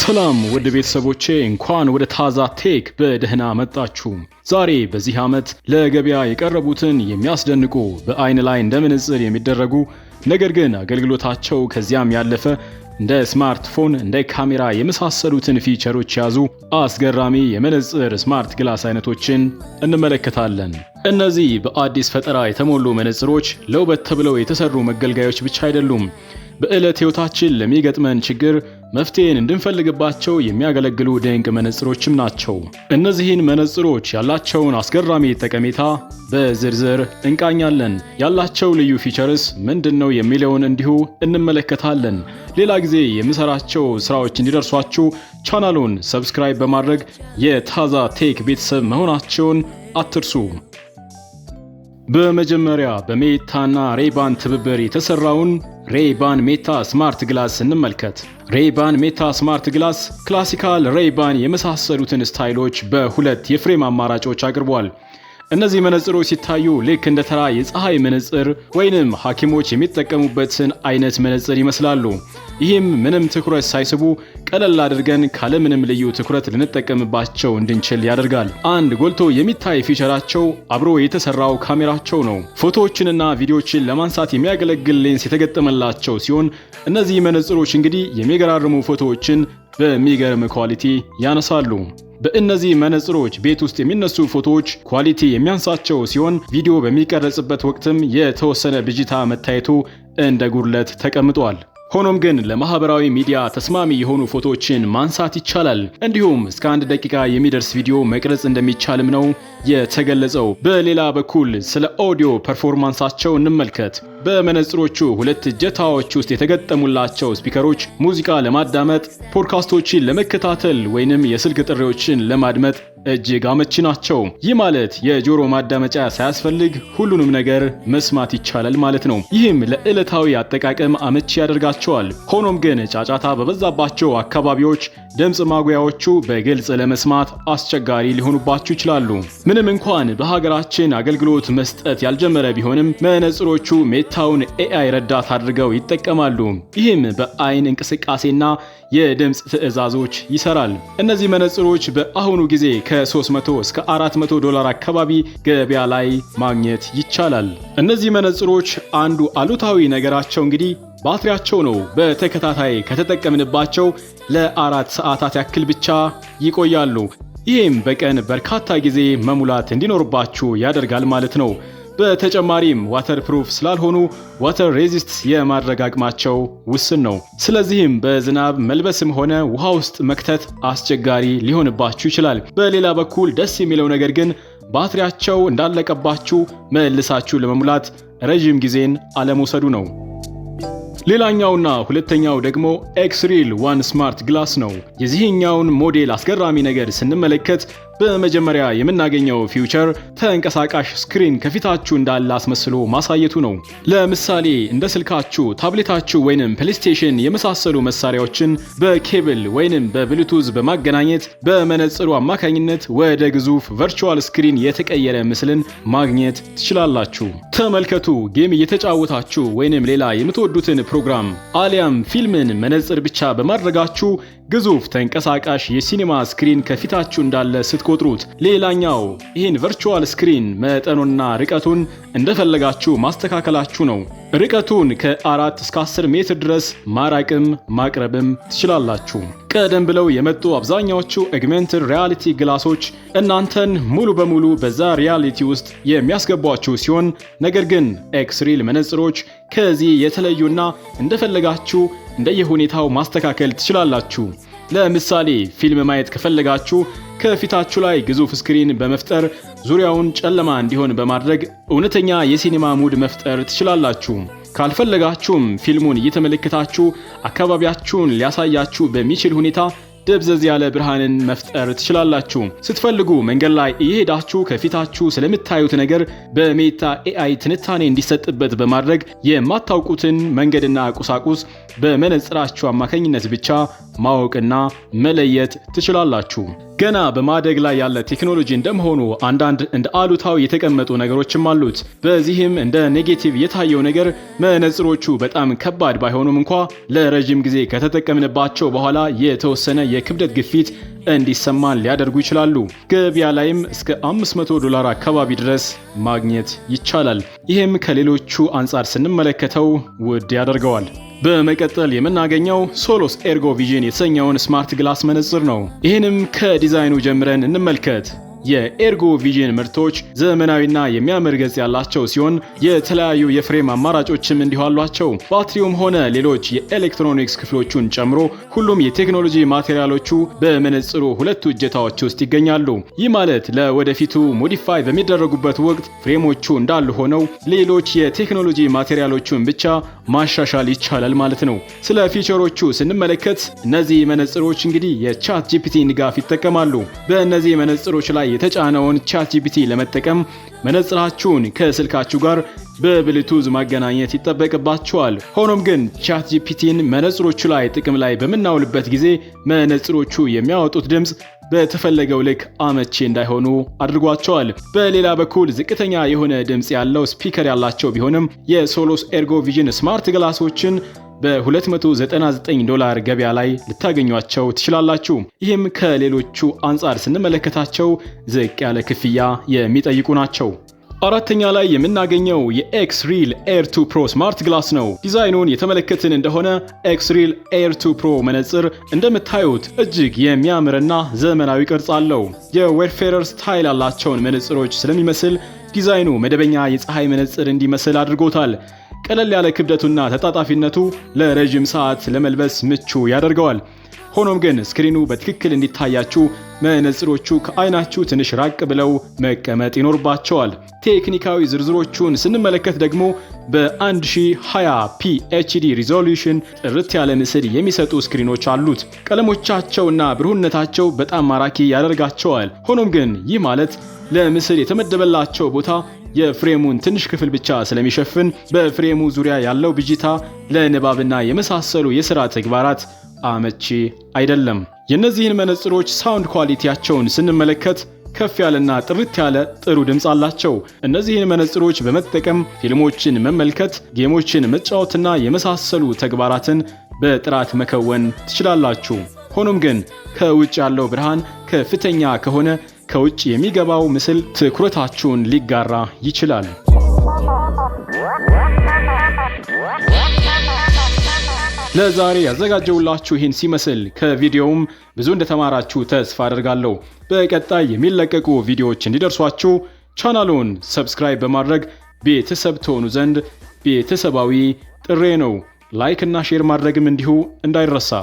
ሰላም ወደ ቤተሰቦቼ እንኳን ወደ ታዛ ቴክ በደህና መጣችሁ። ዛሬ በዚህ ዓመት ለገበያ የቀረቡትን የሚያስደንቁ በአይን ላይ እንደ መነጽር የሚደረጉ ነገር ግን አገልግሎታቸው ከዚያም ያለፈ እንደ ስማርትፎን እንደ ካሜራ የመሳሰሉትን ፊቸሮች የያዙ አስገራሚ የመነጽር ስማርት ግላስ አይነቶችን እንመለከታለን። እነዚህ በአዲስ ፈጠራ የተሞሉ መነጽሮች ለውበት ተብለው የተሰሩ መገልገያዎች ብቻ አይደሉም። በዕለት ሕይወታችን ለሚገጥመን ችግር መፍትሄን እንድንፈልግባቸው የሚያገለግሉ ድንቅ መነጽሮችም ናቸው። እነዚህን መነጽሮች ያላቸውን አስገራሚ ጠቀሜታ በዝርዝር እንቃኛለን። ያላቸው ልዩ ፊቸርስ ምንድን ነው የሚለውን እንዲሁ እንመለከታለን። ሌላ ጊዜ የምሰራቸው ስራዎች እንዲደርሷችሁ ቻናሉን ሰብስክራይብ በማድረግ የታዛ ቴክ ቤተሰብ መሆናቸውን አትርሱ። በመጀመሪያ በሜታና ሬባን ትብብር የተሰራውን ሬይባን ሜታ ስማርት ግላስ እንመልከት። ሬይባን ሜታ ስማርት ግላስ ክላሲካል ሬይባን የመሳሰሉትን ስታይሎች በሁለት የፍሬም አማራጮች አቅርቧል። እነዚህ መነጽሮች ሲታዩ ልክ እንደ ተራ የፀሐይ መነጽር ወይንም ሐኪሞች የሚጠቀሙበትን አይነት መነጽር ይመስላሉ። ይህም ምንም ትኩረት ሳይስቡ ቀለል አድርገን ካለምንም ልዩ ትኩረት ልንጠቀምባቸው እንድንችል ያደርጋል። አንድ ጎልቶ የሚታይ ፊቸራቸው አብሮ የተሰራው ካሜራቸው ነው። ፎቶዎችንና ቪዲዮዎችን ለማንሳት የሚያገለግል ሌንስ የተገጠመላቸው ሲሆን እነዚህ መነጽሮች እንግዲህ የሚገራርሙ ፎቶዎችን በሚገርም ኳሊቲ ያነሳሉ። በእነዚህ መነጽሮች ቤት ውስጥ የሚነሱ ፎቶዎች ኳሊቲ የሚያንሳቸው ሲሆን ቪዲዮ በሚቀረጽበት ወቅትም የተወሰነ ብዥታ መታየቱ እንደ ጉድለት ተቀምጧል። ሆኖም ግን ለማህበራዊ ሚዲያ ተስማሚ የሆኑ ፎቶዎችን ማንሳት ይቻላል። እንዲሁም እስከ አንድ ደቂቃ የሚደርስ ቪዲዮ መቅረጽ እንደሚቻልም ነው የተገለጸው። በሌላ በኩል ስለ ኦዲዮ ፐርፎርማንሳቸው እንመልከት። በመነጽሮቹ ሁለት እጀታዎች ውስጥ የተገጠሙላቸው ስፒከሮች ሙዚቃ ለማዳመጥ፣ ፖድካስቶችን ለመከታተል ወይንም የስልክ ጥሪዎችን ለማድመጥ እጅግ አመቺ ናቸው። ይህ ማለት የጆሮ ማዳመጫ ሳያስፈልግ ሁሉንም ነገር መስማት ይቻላል ማለት ነው። ይህም ለዕለታዊ አጠቃቀም አመቺ ያደርጋቸዋል። ሆኖም ግን ጫጫታ በበዛባቸው አካባቢዎች ድምፅ ማጉያዎቹ በግልጽ ለመስማት አስቸጋሪ ሊሆኑባችሁ ይችላሉ። ምንም እንኳን በሀገራችን አገልግሎት መስጠት ያልጀመረ ቢሆንም መነጽሮቹ ሜታውን ኤአይ ረዳት አድርገው ይጠቀማሉ። ይህም በአይን እንቅስቃሴና የድምፅ ትዕዛዞች ይሰራል። እነዚህ መነጽሮች በአሁኑ ጊዜ ከ300 እስከ 400 ዶላር አካባቢ ገበያ ላይ ማግኘት ይቻላል። እነዚህ መነጽሮች አንዱ አሉታዊ ነገራቸው እንግዲህ ባትሪያቸው ነው። በተከታታይ ከተጠቀምንባቸው ለአራት ሰዓታት ያክል ብቻ ይቆያሉ። ይህም በቀን በርካታ ጊዜ መሙላት እንዲኖርባችሁ ያደርጋል ማለት ነው። በተጨማሪም ዋተር ፕሩፍ ስላልሆኑ ዋተር ሬዚስት የማድረግ አቅማቸው ውስን ነው። ስለዚህም በዝናብ መልበስም ሆነ ውሃ ውስጥ መክተት አስቸጋሪ ሊሆንባችሁ ይችላል። በሌላ በኩል ደስ የሚለው ነገር ግን ባትሪያቸው እንዳለቀባችሁ መልሳችሁ ለመሙላት ረዥም ጊዜን አለመውሰዱ ነው። ሌላኛውና ሁለተኛው ደግሞ ኤክስሪል ዋን ስማርት ግላስ ነው። የዚህኛውን ሞዴል አስገራሚ ነገር ስንመለከት በመጀመሪያ የምናገኘው ፊውቸር ተንቀሳቃሽ ስክሪን ከፊታችሁ እንዳለ አስመስሎ ማሳየቱ ነው። ለምሳሌ እንደ ስልካችሁ፣ ታብሌታችሁ ወይንም ፕሌይስቴሽን የመሳሰሉ መሳሪያዎችን በኬብል ወይንም በብሉቱዝ በማገናኘት በመነጽሩ አማካኝነት ወደ ግዙፍ ቨርቹዋል ስክሪን የተቀየረ ምስልን ማግኘት ትችላላችሁ። ተመልከቱ። ጌም እየተጫወታችሁ ወይንም ሌላ የምትወዱትን ፕሮግራም አሊያም ፊልምን መነጽር ብቻ በማድረጋችሁ ግዙፍ ተንቀሳቃሽ የሲኒማ ስክሪን ከፊታችሁ እንዳለ ስትቆጥሩት። ሌላኛው ይህን ቨርቹዋል ስክሪን መጠኑና ርቀቱን እንደፈለጋችሁ ማስተካከላችሁ ነው። ርቀቱን ከ4 እስከ 10 ሜትር ድረስ ማራቅም ማቅረብም ትችላላችሁ። ቀደም ብለው የመጡ አብዛኛዎቹ ኤግሜንትድ ሪያሊቲ ግላሶች እናንተን ሙሉ በሙሉ በዛ ሪያሊቲ ውስጥ የሚያስገቧችሁ ሲሆን ነገር ግን ኤክስሪል መነጽሮች ከዚህ የተለዩና እንደፈለጋችሁ እንደየሁኔታው ማስተካከል ትችላላችሁ። ለምሳሌ ፊልም ማየት ከፈለጋችሁ ከፊታችሁ ላይ ግዙፍ ስክሪን በመፍጠር ዙሪያውን ጨለማ እንዲሆን በማድረግ እውነተኛ የሲኔማ ሙድ መፍጠር ትችላላችሁ። ካልፈለጋችሁም ፊልሙን እየተመለከታችሁ አካባቢያችሁን ሊያሳያችሁ በሚችል ሁኔታ ደብዘዝ ያለ ብርሃንን መፍጠር ትችላላችሁ። ስትፈልጉ መንገድ ላይ እየሄዳችሁ ከፊታችሁ ስለምታዩት ነገር በሜታ ኤአይ ትንታኔ እንዲሰጥበት በማድረግ የማታውቁትን መንገድና ቁሳቁስ በመነጽራችሁ አማካኝነት ብቻ ማወቅና መለየት ትችላላችሁ። ገና በማደግ ላይ ያለ ቴክኖሎጂ እንደመሆኑ አንዳንድ እንደ አሉታዊ የተቀመጡ ነገሮችም አሉት። በዚህም እንደ ኔጌቲቭ የታየው ነገር መነጽሮቹ በጣም ከባድ ባይሆኑም እንኳ ለረዥም ጊዜ ከተጠቀምንባቸው በኋላ የተወሰነ የክብደት ግፊት እንዲሰማን ሊያደርጉ ይችላሉ። ገበያ ላይም እስከ 500 ዶላር አካባቢ ድረስ ማግኘት ይቻላል። ይህም ከሌሎቹ አንጻር ስንመለከተው ውድ ያደርገዋል። በመቀጠል የምናገኘው ሶሎስ ኤርጎ ቪዥን የተሰኘውን ስማርት ግላስ መነጽር ነው። ይህንም ከዲዛይኑ ጀምረን እንመልከት። የኤርጎ ቪዥን ምርቶች ዘመናዊና የሚያምር ገጽ ያላቸው ሲሆን የተለያዩ የፍሬም አማራጮችም እንዲሁ አሏቸው። ባትሪውም ሆነ ሌሎች የኤሌክትሮኒክስ ክፍሎቹን ጨምሮ ሁሉም የቴክኖሎጂ ማቴሪያሎቹ በመነጽሩ ሁለቱ እጀታዎች ውስጥ ይገኛሉ። ይህ ማለት ለወደፊቱ ሞዲፋይ በሚደረጉበት ወቅት ፍሬሞቹ እንዳሉ ሆነው ሌሎች የቴክኖሎጂ ማቴሪያሎቹን ብቻ ማሻሻል ይቻላል ማለት ነው። ስለ ፊቸሮቹ ስንመለከት እነዚህ መነጽሮች እንግዲህ የቻት ጂፒቲ ንጋፍ ይጠቀማሉ። በእነዚህ መነጽሮች ላይ የተጫነውን ቻትጂፒቲ ለመጠቀም መነጽራችሁን ከስልካችሁ ጋር በብሉቱዝ ማገናኘት ይጠበቅባችኋል። ሆኖም ግን ቻት ጂፒቲን መነጽሮቹ ላይ ጥቅም ላይ በምናውልበት ጊዜ መነጽሮቹ የሚያወጡት ድምፅ በተፈለገው ልክ አመቺ እንዳይሆኑ አድርጓቸዋል። በሌላ በኩል ዝቅተኛ የሆነ ድምፅ ያለው ስፒከር ያላቸው ቢሆንም የሶሎስ ኤርጎ ቪዥን ስማርት ግላሶችን በ299 ዶላር ገበያ ላይ ልታገኟቸው ትችላላችሁ። ይህም ከሌሎቹ አንጻር ስንመለከታቸው ዝቅ ያለ ክፍያ የሚጠይቁ ናቸው። አራተኛ ላይ የምናገኘው የኤክስ ሪል ኤር 2 ፕሮ ስማርት ግላስ ነው። ዲዛይኑን የተመለከትን እንደሆነ ኤክስ ሪል ኤር 2 ፕሮ መነጽር እንደምታዩት እጅግ የሚያምርና ዘመናዊ ቅርጽ አለው። የዌርፌረር ስታይል ያላቸውን መነጽሮች ስለሚመስል ዲዛይኑ መደበኛ የፀሐይ መነጽር እንዲመስል አድርጎታል። ቀለል ያለ ክብደቱና ተጣጣፊነቱ ለረዥም ሰዓት ለመልበስ ምቹ ያደርገዋል። ሆኖም ግን ስክሪኑ በትክክል እንዲታያችሁ መነጽሮቹ ከአይናችሁ ትንሽ ራቅ ብለው መቀመጥ ይኖርባቸዋል። ቴክኒካዊ ዝርዝሮቹን ስንመለከት ደግሞ በ1020 ፒኤችዲ ሪዞሉሽን ጥርት ያለ ምስል የሚሰጡ ስክሪኖች አሉት። ቀለሞቻቸውና ብሩህነታቸው በጣም ማራኪ ያደርጋቸዋል። ሆኖም ግን ይህ ማለት ለምስል የተመደበላቸው ቦታ የፍሬሙን ትንሽ ክፍል ብቻ ስለሚሸፍን በፍሬሙ ዙሪያ ያለው ብዥታ ለንባብና የመሳሰሉ የሥራ ተግባራት አመቺ አይደለም። የእነዚህን መነጽሮች ሳውንድ ኳሊቲያቸውን ስንመለከት ከፍ ያለና ጥርት ያለ ጥሩ ድምፅ አላቸው። እነዚህን መነጽሮች በመጠቀም ፊልሞችን መመልከት፣ ጌሞችን መጫወትና የመሳሰሉ ተግባራትን በጥራት መከወን ትችላላችሁ። ሆኖም ግን ከውጭ ያለው ብርሃን ከፍተኛ ከሆነ ከውጭ የሚገባው ምስል ትኩረታችሁን ሊጋራ ይችላል። ለዛሬ ያዘጋጀውላችሁ ይህን ሲመስል ከቪዲዮውም ብዙ እንደተማራችሁ ተስፋ አደርጋለሁ። በቀጣይ የሚለቀቁ ቪዲዮዎች እንዲደርሷችሁ ቻናሉን ሰብስክራይብ በማድረግ ቤተሰብ ትሆኑ ዘንድ ቤተሰባዊ ጥሬ ነው። ላይክ እና ሼር ማድረግም እንዲሁ እንዳይረሳ።